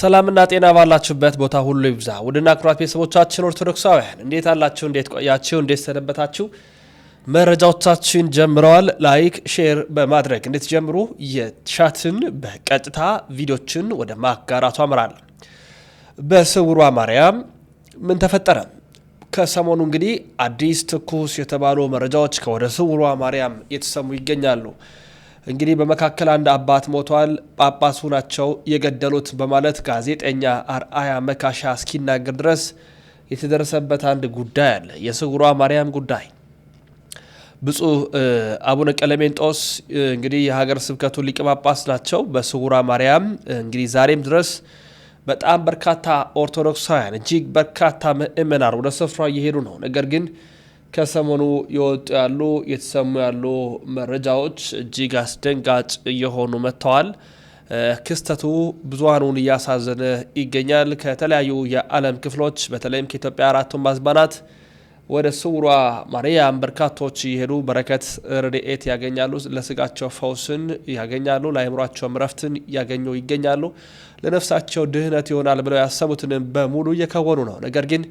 ሰላምና ጤና ባላችሁበት ቦታ ሁሉ ይብዛ። ውድና ክቡራት ቤተሰቦቻችን ኦርቶዶክሳውያን እንዴት አላችሁ? እንዴት ቆያችሁ? እንዴት ሰነበታችሁ? መረጃዎቻችን ጀምረዋል። ላይክ ሼር በማድረግ እንዴት ጀምሩ በቀጥታ ቪዲዮችን ወደ ማጋራቱ አምራል። በስውሯ ማርያም ምን ተፈጠረ? ከሰሞኑ እንግዲህ አዲስ ትኩስ የተባሉ መረጃዎች ከወደ ስውሯ ማርያም የተሰሙ ይገኛሉ። እንግዲህ በመካከል አንድ አባት ሞቷል፣ ጳጳሱ ናቸው የገደሉት በማለት ጋዜጠኛ አርአያ መካሻ እስኪናገር ድረስ የተደረሰበት አንድ ጉዳይ አለ። የስውሯ ማርያም ጉዳይ ብፁዕ አቡነ ቀለሜንጦስ እንግዲህ የሀገር ስብከቱ ሊቀ ጳጳስ ናቸው። በስውሯ ማርያም እንግዲህ ዛሬም ድረስ በጣም በርካታ ኦርቶዶክሳውያን እጅግ በርካታ ምእመናን ወደ ስፍራ እየሄዱ ነው። ነገር ግን ከሰሞኑ የወጡ ያሉ የተሰሙ ያሉ መረጃዎች እጅግ አስደንጋጭ እየሆኑ መጥተዋል። ክስተቱ ብዙሃኑን እያሳዘነ ይገኛል። ከተለያዩ የዓለም ክፍሎች በተለይም ከኢትዮጵያ አራቱም አዝማናት ወደ ስውሯ ማርያም በርካቶች እየሄዱ በረከት ረድኤት ያገኛሉ። ለስጋቸው ፈውስን ያገኛሉ፣ ለአይምሯቸውም ረፍትን ያገኙ ይገኛሉ። ለነፍሳቸው ድህነት ይሆናል ብለው ያሰቡትንም በሙሉ እየከወኑ ነው። ነገር ግን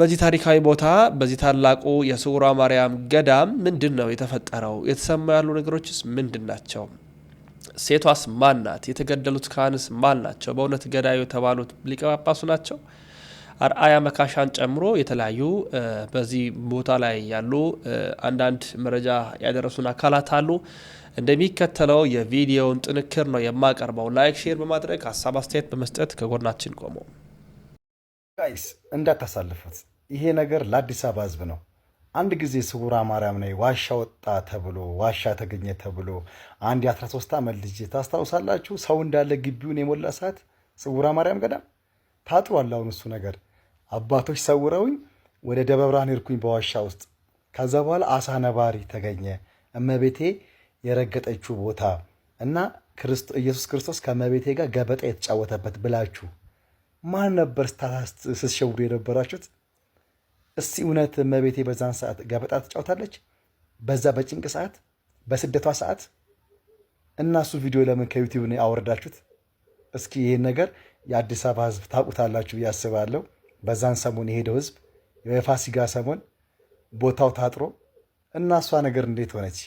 በዚህ ታሪካዊ ቦታ በዚህ ታላቁ የስውሯ ማርያም ገዳም ምንድን ነው የተፈጠረው? የተሰማ ያሉ ነገሮችስ ምንድን ናቸው? ሴቷስ ማን ናት? የተገደሉት ካህንስ ማን ናቸው? በእውነት ገዳዩ የተባሉት ሊቀ ጳጳሱ ናቸው? አርአያ መካሻን ጨምሮ የተለያዩ በዚህ ቦታ ላይ ያሉ አንዳንድ መረጃ ያደረሱን አካላት አሉ። እንደሚከተለው የቪዲዮውን ጥንክር ነው የማቀርበው። ላይክ፣ ሼር በማድረግ ሀሳብ አስተያየት በመስጠት ከጎናችን ቆመው ጋይስ እንዳታሳልፉት። ይሄ ነገር ለአዲስ አበባ ህዝብ ነው። አንድ ጊዜ ስውራ ማርያም ነይ ዋሻ ወጣ ተብሎ ዋሻ ተገኘ ተብሎ አንድ የ13 ዓመት ልጅ ታስታውሳላችሁ? ሰው እንዳለ ግቢውን የሞላ ሰዓት ስውራ ማርያም ገዳም ታጥሯል። አሁን እሱ ነገር አባቶች ሰውረውኝ ወደ ደብረ ብርሃን ሄድኩኝ በዋሻ ውስጥ። ከዛ በኋላ አሳ ነባሪ ተገኘ እመቤቴ የረገጠችው ቦታ እና ኢየሱስ ክርስቶስ ከእመቤቴ ጋር ገበጣ የተጫወተበት ብላችሁ ማን ነበር ስትሸውዱ የነበራችሁት? እስቲ እውነት እመቤቴ በዛን ሰዓት ገበጣ ትጫወታለች? በዛ በጭንቅ ሰዓት፣ በስደቷ ሰዓት እናሱ ቪዲዮ ለምን ከዩቲዩብ ነው ያወረዳችሁት? እስኪ ይህን ነገር የአዲስ አበባ ህዝብ ታውቁታላችሁ ብዬ አስባለሁ። በዛን ሰሞን የሄደው ህዝብ የፋሲጋ ሰሞን ቦታው ታጥሮ እናሷ ነገር እንዴት ሆነች?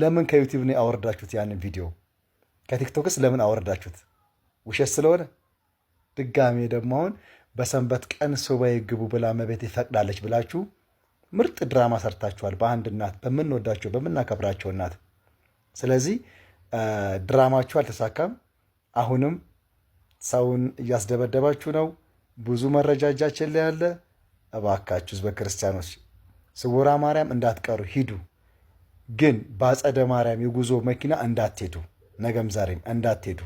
ለምን ከዩቲዩብ ነው ያወረዳችሁት? ያንን ቪዲዮ ከቲክቶክስ ለምን አወረዳችሁት? ውሸት ስለሆነ ድጋሜ ደግሞ አሁን በሰንበት ቀን ሱባኤ ግቡ ብላ መቤት ይፈቅዳለች ብላችሁ ምርጥ ድራማ ሰርታችኋል። በአንድ እናት በምንወዳቸው በምናከብራቸው እናት። ስለዚህ ድራማችሁ አልተሳካም። አሁንም ሰውን እያስደበደባችሁ ነው። ብዙ መረጃ እጃችን ላይ ያለ። እባካችሁ በክርስቲያኖች ስውራ ማርያም እንዳትቀሩ ሂዱ፣ ግን በአጸደ ማርያም የጉዞ መኪና እንዳትሄዱ፣ ነገም ዛሬም እንዳትሄዱ።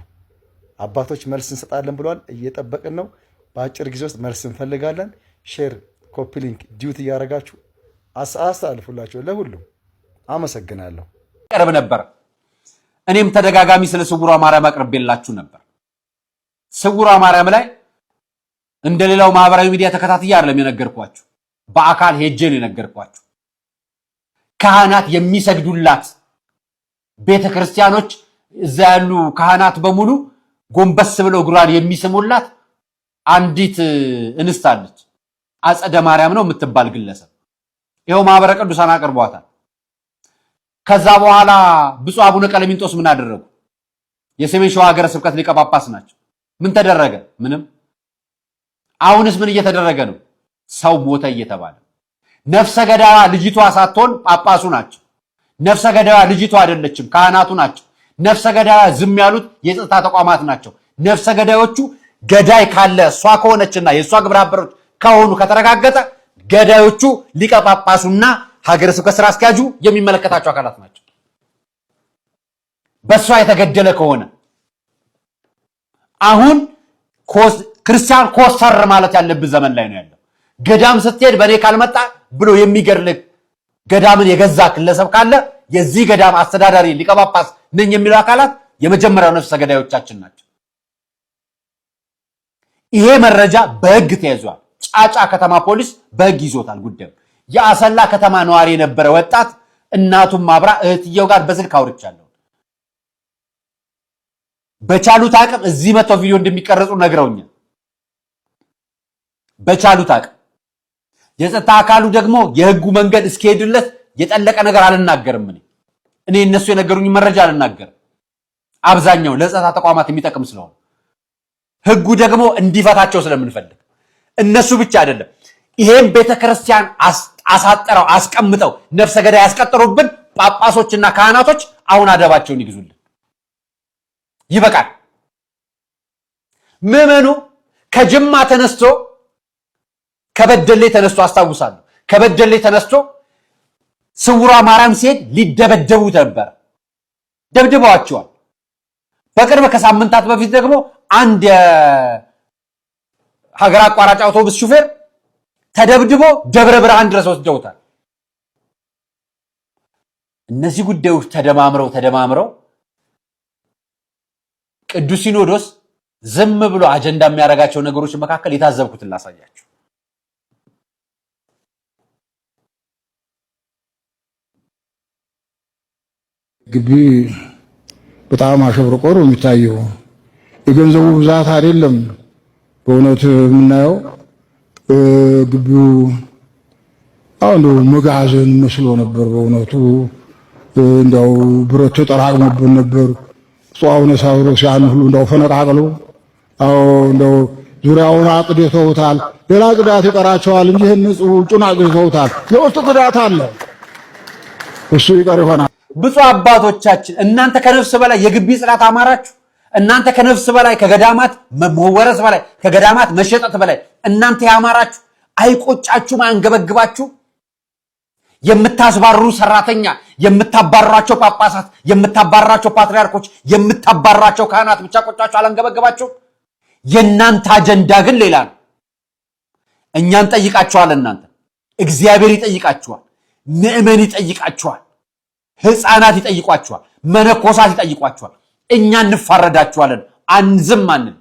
አባቶች መልስ እንሰጣለን ብለዋል። እየጠበቅን ነው። በአጭር ጊዜ ውስጥ መልስ እንፈልጋለን። ሼር፣ ኮፒሊንክ፣ ዲዩት እያደረጋችሁ አሳልፉላቸው። ለሁሉም አመሰግናለሁ። ቀርብ ነበር። እኔም ተደጋጋሚ ስለ ስውሯ ማርያም አቅርቤላችሁ ነበር። ስውሯ ማርያም ላይ እንደሌላው ማህበራዊ ሚዲያ ተከታትያ አይደለም የነገርኳችሁ፣ በአካል ሄጄ ነው የነገርኳችሁ። ካህናት የሚሰግዱላት ቤተ ክርስቲያኖች እዛ ያሉ ካህናት በሙሉ ጎንበስ ብለው እግሯን የሚስሙላት አንዲት እንስት አለች። አጸደ ማርያም ነው የምትባል ግለሰብ ይኸው ማህበረ ቅዱሳን አቅርቧታል። ከዛ በኋላ ብፁዕ አቡነ ቀለሚንጦስ ምን አደረጉ? የሰሜን ሸዋ ሀገረ ስብከት ሊቀ ጳጳስ ናቸው። ምን ተደረገ? ምንም። አሁንስ ምን እየተደረገ ነው? ሰው ሞተ እየተባለ ነፍሰ ገዳዋ ልጅቷ ሳትሆን ጳጳሱ ናቸው። ነፍሰ ገዳዋ ልጅቷ አይደለችም፣ ካህናቱ ናቸው። ነፍሰ ገዳይ ዝም ያሉት የጸጥታ ተቋማት ናቸው። ነፍሰ ገዳዮቹ ገዳይ ካለ እሷ ከሆነችና የእሷ ግብረ አበሮች ከሆኑ ከተረጋገጠ ገዳዮቹ ሊቀ ጳጳሱና ሀገረ ስብከት ስራ አስኪያጁ የሚመለከታቸው አካላት ናቸው። በእሷ የተገደለ ከሆነ አሁን ክርስቲያን ኮስተር ማለት ያለብን ዘመን ላይ ነው ያለው። ገዳም ስትሄድ በእኔ ካልመጣ ብሎ የሚገድልህ ገዳምን የገዛ ግለሰብ ካለ የዚህ ገዳም አስተዳዳሪ ሊቀ ጳጳስ ነኝ የሚሉ አካላት የመጀመሪያው ነፍሰ ገዳዮቻችን ናቸው። ይሄ መረጃ በህግ ተይዟል። ጫጫ ከተማ ፖሊስ በህግ ይዞታል ጉዳዩ። የአሰላ ከተማ ነዋሪ የነበረ ወጣት እናቱም አብራ እህትየው ጋር በስልክ አውርቻለሁ። በቻሉት አቅም እዚህ መቶ ቪዲዮ እንደሚቀረጹ ነግረውኛል። በቻሉት አቅም የጸጥታ አካሉ ደግሞ የህጉ መንገድ እስኪሄድለት የጠለቀ ነገር አልናገርም እኔ እኔ እነሱ የነገሩኝ መረጃ አልናገር አብዛኛው ለጸጥታ ተቋማት የሚጠቅም ስለሆነ ህጉ ደግሞ እንዲፈታቸው ስለምንፈልግ እነሱ ብቻ አይደለም። ይሄን ቤተክርስቲያን አሳጠረው አስቀምጠው ነፍሰ ገዳይ ያስቀጠሩብን ጳጳሶችና ካህናቶች አሁን አደባቸውን ይግዙልን። ይበቃል። ምዕመኑ ከጅማ ተነስቶ ከበደሌ ተነስቶ አስታውሳለሁ፣ ከበደሌ ተነስቶ ስውሯ ማርያም ሲሄድ ሊደበደቡት ነበር። ደብድበዋቸዋል። በቅርብ ከሳምንታት በፊት ደግሞ አንድ የሀገር አቋራጭ አውቶቡስ ሹፌር ተደብድቦ ደብረ ብርሃን ድረስ ወስደውታል። እነዚህ ጉዳዮች ተደማምረው ተደማምረው ቅዱስ ሲኖዶስ ዝም ብሎ አጀንዳ የሚያደርጋቸው ነገሮች መካከል የታዘብኩትን ላሳያቸው። ግቢ በጣም አሸብርቆ ነው የሚታየው። የገንዘቡ ብዛት አይደለም በእውነት የምናየው ግቢው አሁን መጋዘን መስሎ ነበር በእውነቱ። እንዲያው ብረት ተጠራቅሞብን ነበር። ጾአውነ ሳብሮ ሲያን ሁሉ እንዲያው ፈነቃቅሎ አዎ እንዲያው ዙሪያውን አቅድተውታል። ሌላ ቅዳት ይቀራቸዋል እንጂ ይህን ንጹህ ውጩን አቅድተውታል። የውስጥ ቅዳት አለ፣ እሱ ይቀር ይሆናል። ብዙ አባቶቻችን እናንተ ከነፍስ በላይ የግቢ ጽላት አማራችሁ። እናንተ ከነፍስ በላይ ከገዳማት መወረስ በላይ ከገዳማት መሸጠት በላይ እናንተ ያማራችሁ አይቆጫችሁም? አንገበግባችሁ የምታስባሩ ሰራተኛ፣ የምታባራቸው ጳጳሳት፣ የምታባራቸው ፓትሪያርኮች፣ የምታባራቸው ካህናት ብቻ ቆጫችሁ አላንገበግባችሁ። የእናንተ አጀንዳ ግን ሌላ ነው። እኛን ጠይቃችኋል። እናንተ እግዚአብሔር ይጠይቃችኋል። ምእመን ይጠይቃችኋል። ህፃናት ይጠይቋቸዋል፣ መነኮሳት ይጠይቋቸዋል። እኛ እንፋረዳቸዋለን፣ አንዝም አንል።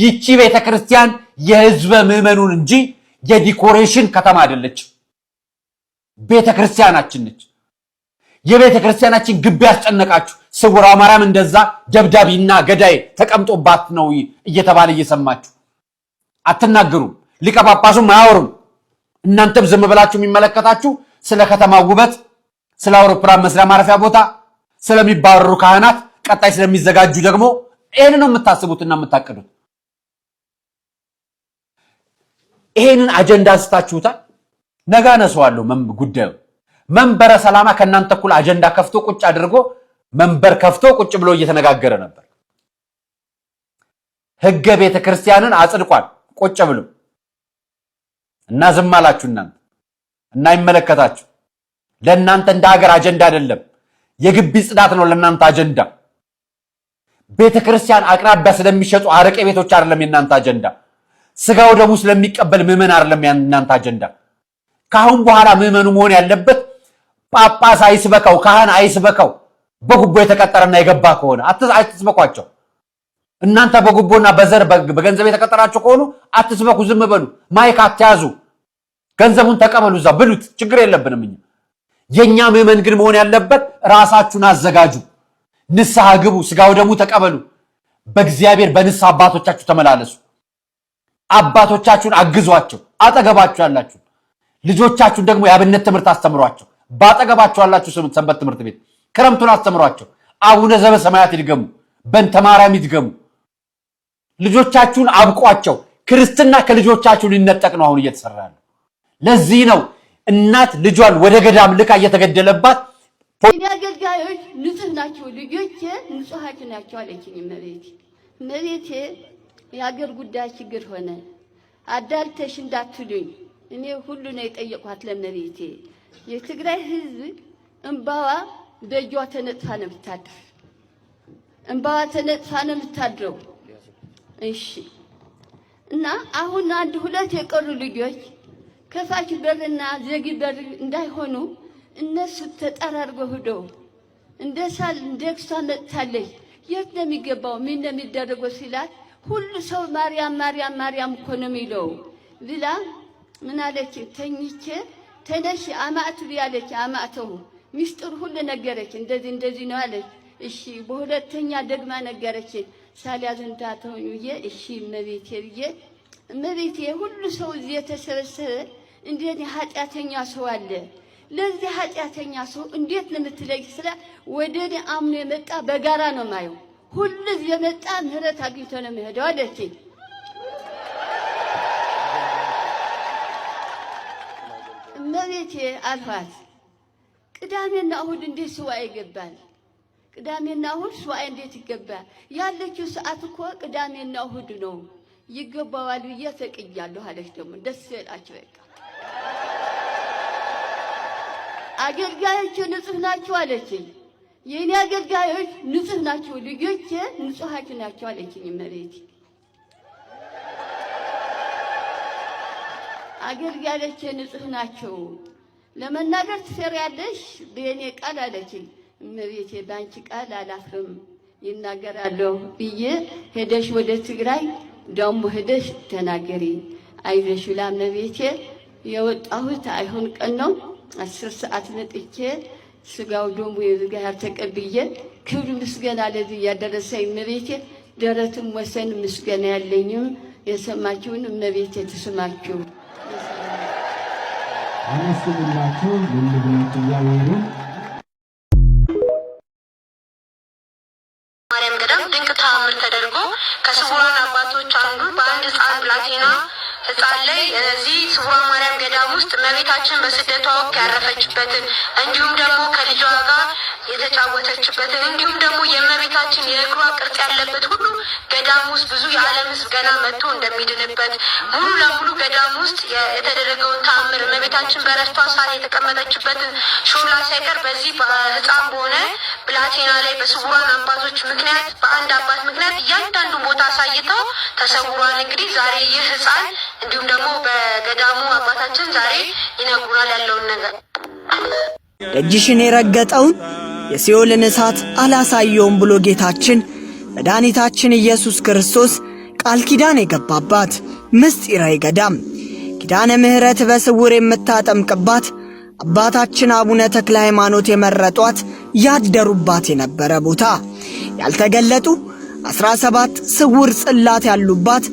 ይቺ ቤተ ክርስቲያን የህዝበ ምዕመኑን እንጂ የዲኮሬሽን ከተማ አይደለች። ቤተ ክርስቲያናችን ነች። የቤተ ክርስቲያናችን ግቢ ያስጨነቃችሁ ስውሯ ማርያም እንደዛ ደብዳቢና ገዳይ ተቀምጦባት ነው እየተባለ እየሰማችሁ አትናገሩም። ሊቀ ጳጳሱም አያወሩም። እናንተም ዝም ብላችሁ የሚመለከታችሁ ስለ ከተማ ውበት ስለ አውሮፕላን መስሪያ ማረፊያ ቦታ፣ ስለሚባረሩ ካህናት፣ ቀጣይ ስለሚዘጋጁ ደግሞ ይህን ነው የምታስቡትና የምታቅዱት። ይሄንን አጀንዳ ስታችሁታል። ነገ ነሰዋለሁ ጉዳዩ መንበረ ሰላማ ከእናንተ እኩል አጀንዳ ከፍቶ ቁጭ አድርጎ መንበር ከፍቶ ቁጭ ብሎ እየተነጋገረ ነበር። ህገ ቤተ ክርስቲያንን አጽድቋል ቁጭ ብሎ እና ዝም አላችሁ እናንተ እና ይመለከታችሁ ለእናንተ እንደ ሀገር አጀንዳ አይደለም። የግቢ ጽዳት ነው ለእናንተ አጀንዳ። ቤተ ክርስቲያን አቅራቢያ ስለሚሸጡ አረቄ ቤቶች አይደለም የእናንተ አጀንዳ። ስጋ ወደሙ ስለሚቀበል ምዕመን አይደለም የእናንተ አጀንዳ። ከአሁን በኋላ ምዕመኑ መሆን ያለበት ጳጳስ አይስበከው፣ ካህን አይስበከው። በጉቦ የተቀጠረና የገባ ከሆነ አትስበኳቸው። እናንተ በጉቦና በዘር በገንዘብ የተቀጠራቸው ከሆኑ አትስበኩ፣ ዝም በሉ። ማይክ አትያዙ፣ ገንዘቡን ተቀበሉ፣ እዛ ብሉት። ችግር የለብንም እኛ የእኛ ምዕመን ግን መሆን ያለበት ራሳችሁን አዘጋጁ፣ ንስሐ ግቡ፣ ስጋው ወደሙ ተቀበሉ፣ በእግዚአብሔር በንስሐ አባቶቻችሁ ተመላለሱ። አባቶቻችሁን አግዟቸው፣ አጠገባችሁ ያላችሁ ልጆቻችሁን ደግሞ የአብነት ትምህርት አስተምሯቸው። በአጠገባችሁ ያላችሁ ሰንበት ትምህርት ቤት ክረምቱን አስተምሯቸው። አቡነ ሰማያት ይድገሙ፣ በእንተ ማርያም ይድገሙ። ልጆቻችሁን አብቋቸው። ክርስትና ከልጆቻችሁ ሊነጠቅ ነው አሁን እየተሰራ ያለው። ለዚህ ነው እናት ልጇን ወደ ገዳም ልካ እየተገደለባት አገልጋዮች ንጹህ ናቸው፣ ልጆች ንጹሀት ናቸው አለችኝ እመቤቴ። እመቤቴ የሀገር ጉዳይ ችግር ሆነ አዳልተሽ እንዳትሉኝ። እኔ ሁሉ ነው የጠየኳት ለእመቤቴ። የትግራይ ህዝብ እምባዋ በእጇ ተነጥፋ ነው የምታድር፣ እምባዋ ተነጥፋ ነው የምታድረው። እሺ እና አሁን አንድ ሁለት የቀሩ ልጆች ከፋች በርና ዘጊ በር እንዳይሆኑ እነሱ ተጠራርጎ ሂደው እንደ ሳል እንደ ክሷ መጥታለች። የት ነው የሚገባው? ምን ነው የሚደረገው ሲላት ሁሉ ሰው ማርያም ማርያም ማርያም እኮ ነው የሚለው ብላ ምን አለች? ተኝቼ ተነሽ አማእትብ ያለች አማእተው ሚስጥር ሁሉ ነገረች። እንደዚህ እንደዚህ ነው አለች። እሺ በሁለተኛ ደግማ ነገረች። ሳልያዝን ታተውኝ ብዬ እሺ እመቤቴ ብዬ እመቤቴ ሁሉ ሰው እዚህ የተሰበሰበ እንዴት ኃጢአተኛ ሰው አለ ለዚህ ኃጢአተኛ ሰው እንዴት ነው የምትለይ? ስለ ወደ እኔ አምኖ የመጣ በጋራ ነው ማየው። ሁሉ የመጣ ምህረት አግኝቶ ነው የሚሄደው አለች። እመቤቴ አልኋት። ቅዳሜና እሁድ እንዴት ስዋኤ ይገባል? ቅዳሜና እሁድ ስዋኤ እንዴት ይገባል? ያለችው ሰዓት እኮ ቅዳሜና እሁድ ነው ይገባዋል ብዬ ፈቅጃለሁ አለች። ደግሞ ደስ ይላቸው በቃ አገልጋዮች ንጹህ ናቸው አለችኝ። የእኔ አገልጋዮች ንጹህ ናቸው፣ ልጆች ንጹሃች ናቸው አለችኝ እመቤቴ። አገልጋዮች ንጹህ ናቸው ለመናገር ትሰሪያለሽ በእኔ ቃል አለችኝ እመቤቴ። በአንቺ ቃል አላፍርም ይናገራለሁ ብዬ ሄደሽ ወደ ትግራይ ደሞ ሄደሽ ተናገሪ አይዞሽ ብላ እመቤቴ የወጣሁት አይሁን ቀን ነው። አስር ሰዓት ነጥቼ ስጋው ደሙ የዝጋር ተቀብዬ ክብር ምስገና ለዚህ እያደረሰኝ እመቤቴ ደረትም ወሰን ምስገና ያለኝም የሰማችሁን እመቤቴ ትስማችሁ። አመስግኑላችሁ ልንብላችሁ እያወሩ ውስጥ እመቤታችን በስደቷ ወቅት ያረፈችበትን እንዲሁም ደግሞ ከልጇ ጋር የተጫወተችበትን እንዲሁም ደግሞ የእመቤታችን የእግሯ ቅርጽ ያለበት ሁሉ ገዳም ውስጥ ብዙ የዓለም ሕዝብ ገና መጥቶ እንደሚድንበት ሙሉ ለሙሉ ገዳም ውስጥ የተደረገውን ተአምር እመቤታችን በረስቷ ሳል የተቀመጠችበትን ሾላ ሳይቀር በዚህ ሕፃን በሆነ ብላቴና ላይ በስውራን አባቶች ምክንያት በአንድ አባት ምክንያት እያንዳንዱ ቦታ አሳይተው ተሰውሯል። እንግዲህ ዛሬ ይህ ሕፃን እንዲሁም ደግሞ በገዳሙ አባታችን ዛሬ ያለውን ነገር። የረገጠውን የሲኦልን እሳት አላሳየውም ብሎ ጌታችን መድኃኒታችን ኢየሱስ ክርስቶስ ቃል ኪዳን የገባባት ምስጢረ ገዳም ኪዳነ ምሕረት በስውር የምታጠምቅባት አባታችን አቡነ ተክለ ሃይማኖት የመረጧት ያደሩባት የነበረ ቦታ ያልተገለጡ ዐሥራ ሰባት ስውር ጽላት ያሉባት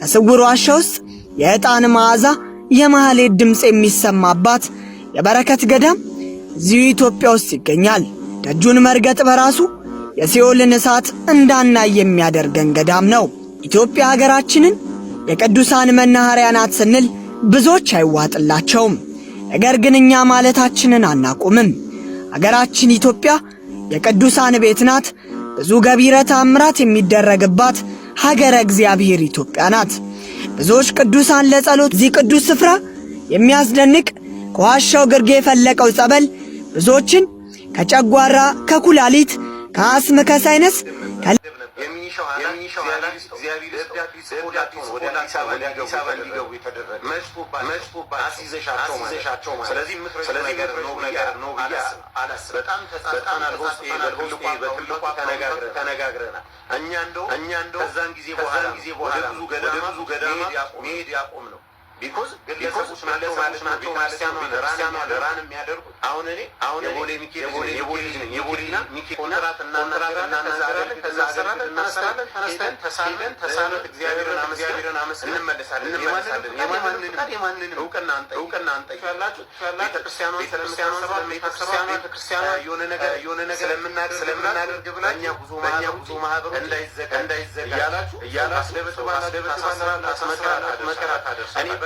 ከስውር ዋሻ ውስጥ የዕጣን መዓዛ የማህሌት ድምፅ የሚሰማባት የበረከት ገዳም እዚሁ ኢትዮጵያ ውስጥ ይገኛል። ደጁን መርገጥ በራሱ የሲኦልን እሳት እንዳናይ የሚያደርገን ገዳም ነው። ኢትዮጵያ ሀገራችንን የቅዱሳን መናኸሪያ ናት ስንል ብዙዎች አይዋጥላቸውም። ነገር ግን እኛ ማለታችንን አናቁምም። ሀገራችን ኢትዮጵያ የቅዱሳን ቤት ናት። ብዙ ገቢረ ተአምራት የሚደረግባት ሀገረ እግዚአብሔር ኢትዮጵያ ናት። ብዙዎች ቅዱሳን ለጸሎት እዚህ ቅዱስ ስፍራ የሚያስደንቅ ከዋሻው ግርጌ የፈለቀው ጸበል ብዙዎችን ከጨጓራ፣ ከኩላሊት፣ ከአስም፣ ከሳይነስ የሚኒሻው አላት እኛ እንደው ከዛን ጊዜ በኋላ ብዙ ገዳማ መሄድ ያቆም ነው ቢኮዝ ግለሰቦች ናቸው ማለት ናቸው ማለት ነው። ራን ራን የሚያደርጉት አሁን እኔ አሁን የቦሌ ሚካኤል የቦሌ የቦሌ እና ሚካኤል ኮንትራት እናናገራለን፣ ከዛ አደረግን፣ ከዛ አሰራለን፣ እናሰራለን፣ ተነስተን ተሳለን፣ ተሳለት እግዚአብሔርን እግዚአብሔርን አመስግን እንመለሳለን። የማንንም የማንንም የማንንም እውቅና አንጠ እውቅና አንጠ ያላችሁ ቤተክርስቲያኗ ቤተክርስቲያኗ ቤተክርስቲያኗ ቤተክርስቲያኗ የሆነ ነገር የሆነ ነገር ስለምናደርግ ስለምናደርግ ብላ እኛ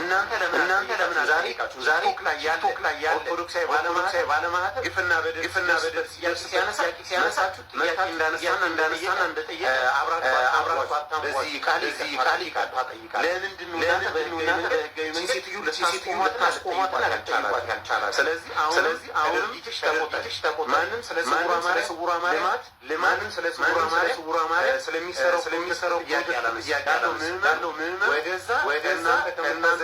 እናንተ ለምን ዛሬ ስለሚሰራው ስለሚሰራው ያለው ምዕመን ወደዛ ከእናንተ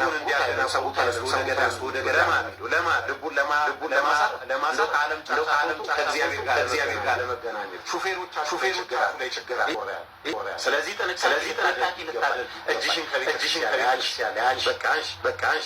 ህዝቡን እንዲያገናሰቡ ተነስቦ ገዳማ ለማ ልቡን ለማሳብ ከዓለም ከእግዚአብሔር ጋር ለመገናኘት ሹፌሮች ላይ ችግር አለ። ስለዚህ ጥንቃቄ ልታደርግ እጅሽን ከቤተክርስቲያን በቃሽ በቃሽ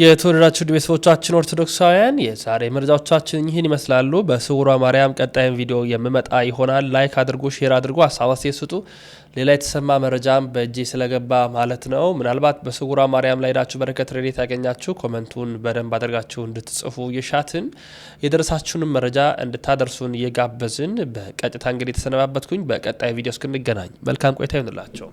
የተወደዳችሁ ቤተሰቦቻችን ኦርቶዶክሳውያን የዛሬ መረጃዎቻችን ይህን ይመስላሉ። በስውሯ ማርያም ቀጣይን ቪዲዮ የምመጣ ይሆናል። ላይክ አድርጉ፣ ሼር አድርጉ፣ ሀሳብ አስተያየት ስጡ። ሌላ የተሰማ መረጃም በእጄ ስለገባ ማለት ነው። ምናልባት በስውሯ ማርያም ላይ ሄዳችሁ በረከት ረድኤት ያገኛችሁ ኮመንቱን በደንብ አድርጋችሁ እንድትጽፉ የሻትን የደረሳችሁንም መረጃ እንድታደርሱን እየጋበዝን በቀጥታ እንግዲህ የተሰነባበትኩኝ። በቀጣይ ቪዲዮ እስክንገናኝ መልካም ቆይታ ይሆንላቸው።